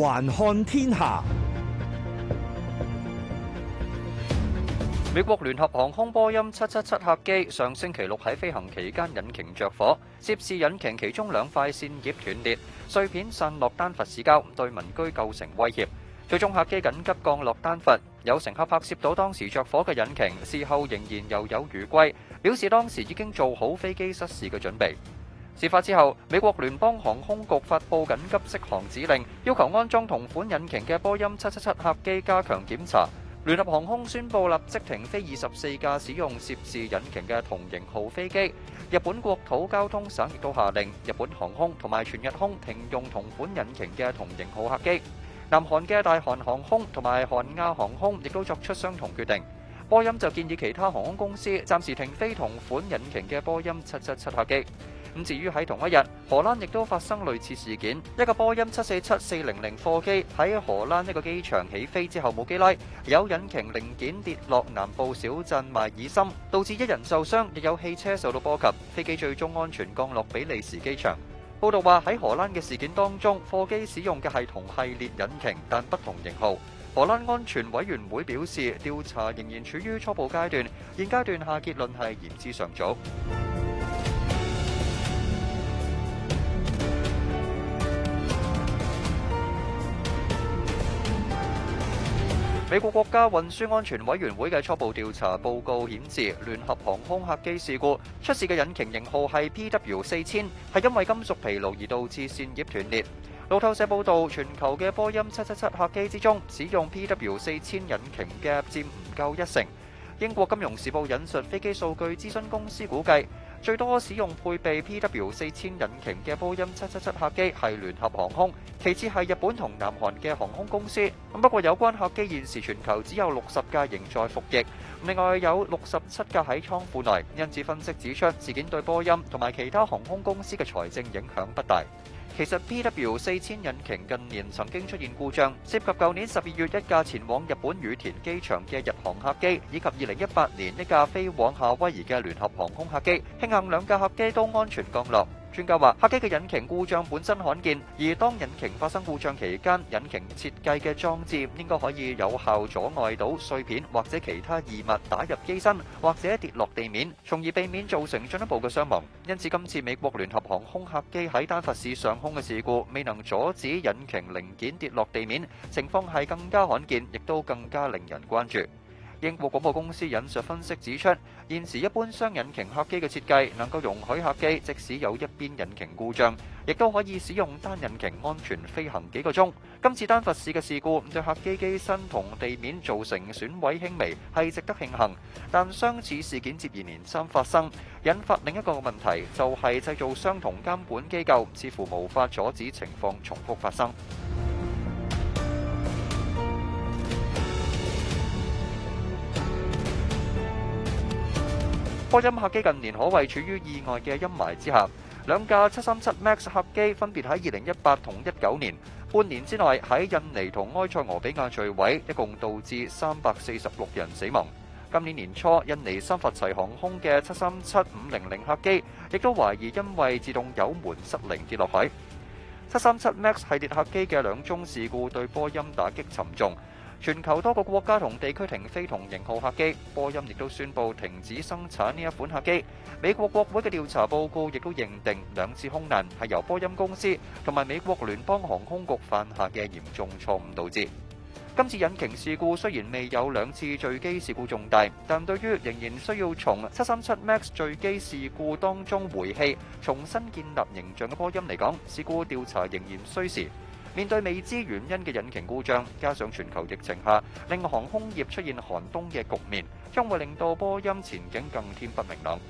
環看天下，美國聯合航空波音七七七客機上星期六喺飛行期間引擎着火，涉事引擎其中兩塊扇葉斷裂，碎片散落丹佛市郊，對民居構成威脅。最終客機緊急降落丹佛，有乘客拍攝到當時着火嘅引擎，事後仍然猶有餘悸，表示當時已經做好飛機失事嘅準備。事發之後，美國聯邦航空局發布緊急適航指令，要求安裝同款引擎嘅波音七七七客機加強檢查。聯合航空宣布立即停飛二十四架使用涉事引擎嘅同型號飛機。日本國土交通省亦都下令日本航空同埋全日空停用同款引擎嘅同型號客機。南韓嘅大韓航空同埋韓亞航空亦都作出相同決定。波音就建議其他航空公司暫時停飛同款引擎嘅波音七七七客機。咁至於喺同一日，荷蘭亦都發生類似事件，一個波音七四七四零零貨機喺荷蘭一個機場起飛之後冇機拉，有引擎零件，件跌落南部小鎮埋爾森，導致一人受傷，亦有汽車受到波及。飛機最終安全降落比利時機場。報道話喺荷蘭嘅事件當中，貨機使用嘅係同系列引擎，但不同型號。荷蘭安全委員會表示，調查仍然處於初步階段，現階段下結論係言之尚早。美國國家運輸安全委員會嘅初步調查報告顯示，聯合航空客機事故出事嘅引擎型號係 PW 四千，係因為金屬疲勞而導致扇葉斷裂。路透社報道，全球嘅波音七七七客機之中，使用 PW 四千引擎嘅占唔夠一成。英國金融時報引述飛機數據諮詢公司估計。最多使用配備 PW 四千引擎嘅波音七七七客機係聯合航空，其次係日本同南韓嘅航空公司。咁不過有關客機現時全球只有六十架仍在服役，另外有六十七架喺倉庫內。因此分析指出，事件對波音同埋其他航空公司嘅財政影響不大。其實 PW 四千引擎近年曾經出現故障，涉及舊年十二月一架前往日本羽田機場嘅日航客機，以及二零一八年一架飛往夏威夷嘅聯合航空客機，慶幸兩架客機都安全降落。專家話，客機嘅引擎故障本身罕見，而當引擎發生故障期間，引擎設計嘅裝置應該可以有效阻礙到碎片，或者其他異物打入機身，或者跌落地面，從而避免造成進一步嘅傷亡。因此，今次美國聯合航空客機喺丹佛市上空嘅事故，未能阻止引擎零件跌落地面，情況係更加罕見，亦都更加令人關注。英國廣播公司引述分析指出，現時一般雙引擎客機嘅設計能夠容許客機即使有一邊引擎故障，亦都可以使用單引擎安全飛行幾個鐘。今次丹佛市嘅事故，對客機機身同地面造成損毀輕微，係值得慶幸。但相似事件接二連三發生，引發另一個問題，就係製造商同監管機構似乎無法阻止情況重複發生。波音客機近年可謂處於意外嘅陰霾之下，兩架 737MAX 客機分別喺2018同19年半年之內喺印尼同埃塞俄比亞墜毀，一共導致346人死亡。今年年初印尼三佛齊航空嘅737-500客機亦都懷疑因為自動油門失靈跌落海 737MAX 系列客機嘅兩宗事故對波音打擊沉重。全球多個國家同地區停飛同型號客機，波音亦都宣佈停止生產呢一款客機。美國國會嘅調查報告亦都認定兩次空難係由波音公司同埋美國聯邦航空局犯下嘅嚴重錯誤導致。今次引擎事故雖然未有兩次墜機事故重大，但對於仍然需要從737 MAX 墜機事故當中回氣，重新建立形象嘅波音嚟講，事故調查仍然需時。面對未知原因嘅引擎故障，加上全球疫情下，令航空業出現寒冬嘅局面，將會令到波音前景更添不明朗。